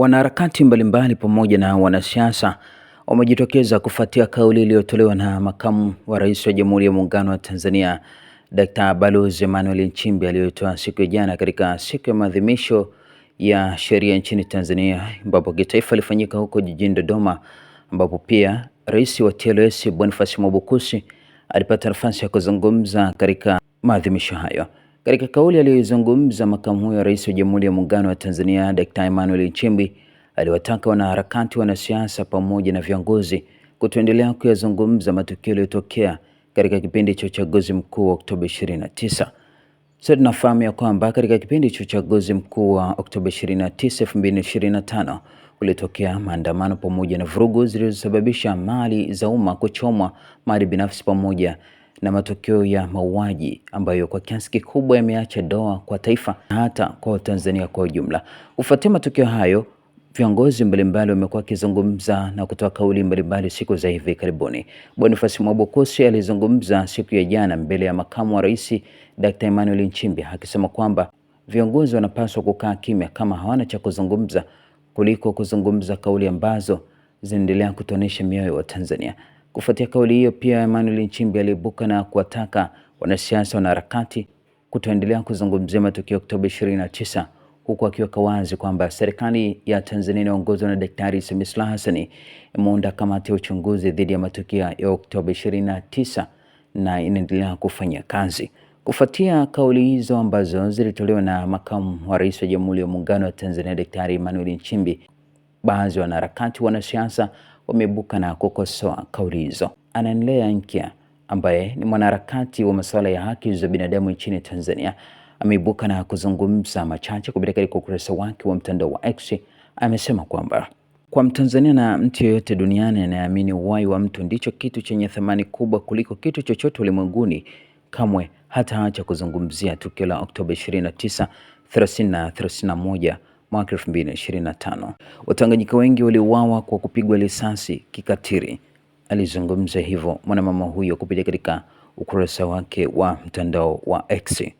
Wanaharakati mbalimbali pamoja na wanasiasa wamejitokeza kufuatia kauli iliyotolewa na makamu wa rais wa Jamhuri ya Muungano wa Tanzania Dkt. Balozi Emmanuel Nchimbi aliyotoa siku ya jana katika siku ya maadhimisho ya sheria nchini Tanzania ambapo kitaifa ilifanyika huko jijini Dodoma ambapo pia rais wa TLS Boniface Mwabukusi alipata nafasi ya kuzungumza katika maadhimisho hayo. Katika kauli aliyoizungumza makamu huyo wa rais wa Jamhuri ya Muungano wa Tanzania Dkt. Emmanuel Nchimbi aliwataka wanaharakati, wanasiasa pamoja na viongozi kutoendelea kuyazungumza matukio yaliyotokea katika kipindi cha uchaguzi mkuu wa Oktoba 29. Sasa tunafahamu ya kwamba katika kipindi cha uchaguzi mkuu wa Oktoba 29, 2025 kulitokea maandamano pamoja na vurugu zilizosababisha mali za umma kuchomwa, mali binafsi pamoja na matokeo ya mauaji ambayo kwa kiasi kikubwa yameacha doa kwa taifa na hata kwa Tanzania kwa ujumla. Kufuatia matukio hayo, viongozi mbalimbali wamekuwa wakizungumza na kutoa kauli mbalimbali siku za hivi karibuni. Boniface Mwabukusi alizungumza siku ya jana mbele ya makamu wa rais Dr. Emmanuel Nchimbi akisema kwamba viongozi wanapaswa kukaa kimya kama hawana cha kuzungumza kuliko kuzungumza kauli ambazo zinaendelea kutonesha mioyo wa Tanzania. Kufuatia kauli hiyo, pia Emmanuel Nchimbi aliibuka na kuwataka wanasiasa wanaharakati kutoendelea kuzungumzia matukio ya Oktoba 29 huku akiweka wazi kwamba serikali ya Tanzania inaongozwa na Daktari Samia Suluhu Hassan imeunda kamati ya uchunguzi dhidi ya matukio ya Oktoba 29 na inaendelea kufanya kazi. Kufuatia kauli hizo ambazo zilitolewa na makamu wa rais wa Jamhuri ya Muungano wa Tanzania Daktari Emmanuel Nchimbi Baadhi ya wanaharakati wanasiasa wameibuka na kukosoa kauli hizo. Ananlea Nkya ambaye ni mwanaharakati wa masuala ya haki za binadamu nchini Tanzania ameibuka na kuzungumza machache kupitia katika ukurasa wake wa mtandao wa X. Amesema kwamba kwa Mtanzania na mtu yeyote duniani anayeamini uhai wa mtu ndicho kitu chenye thamani kubwa kuliko kitu chochote ulimwenguni, kamwe hataacha kuzungumzia tukio la Oktoba 29, 30 na 31 mwaka tano. Watanganyika wengi waliuawa kwa kupigwa risasi kikatiri Alizungumza hivyo mwanamama huyo kupitia katika ukurasa wake wa mtandao wa X.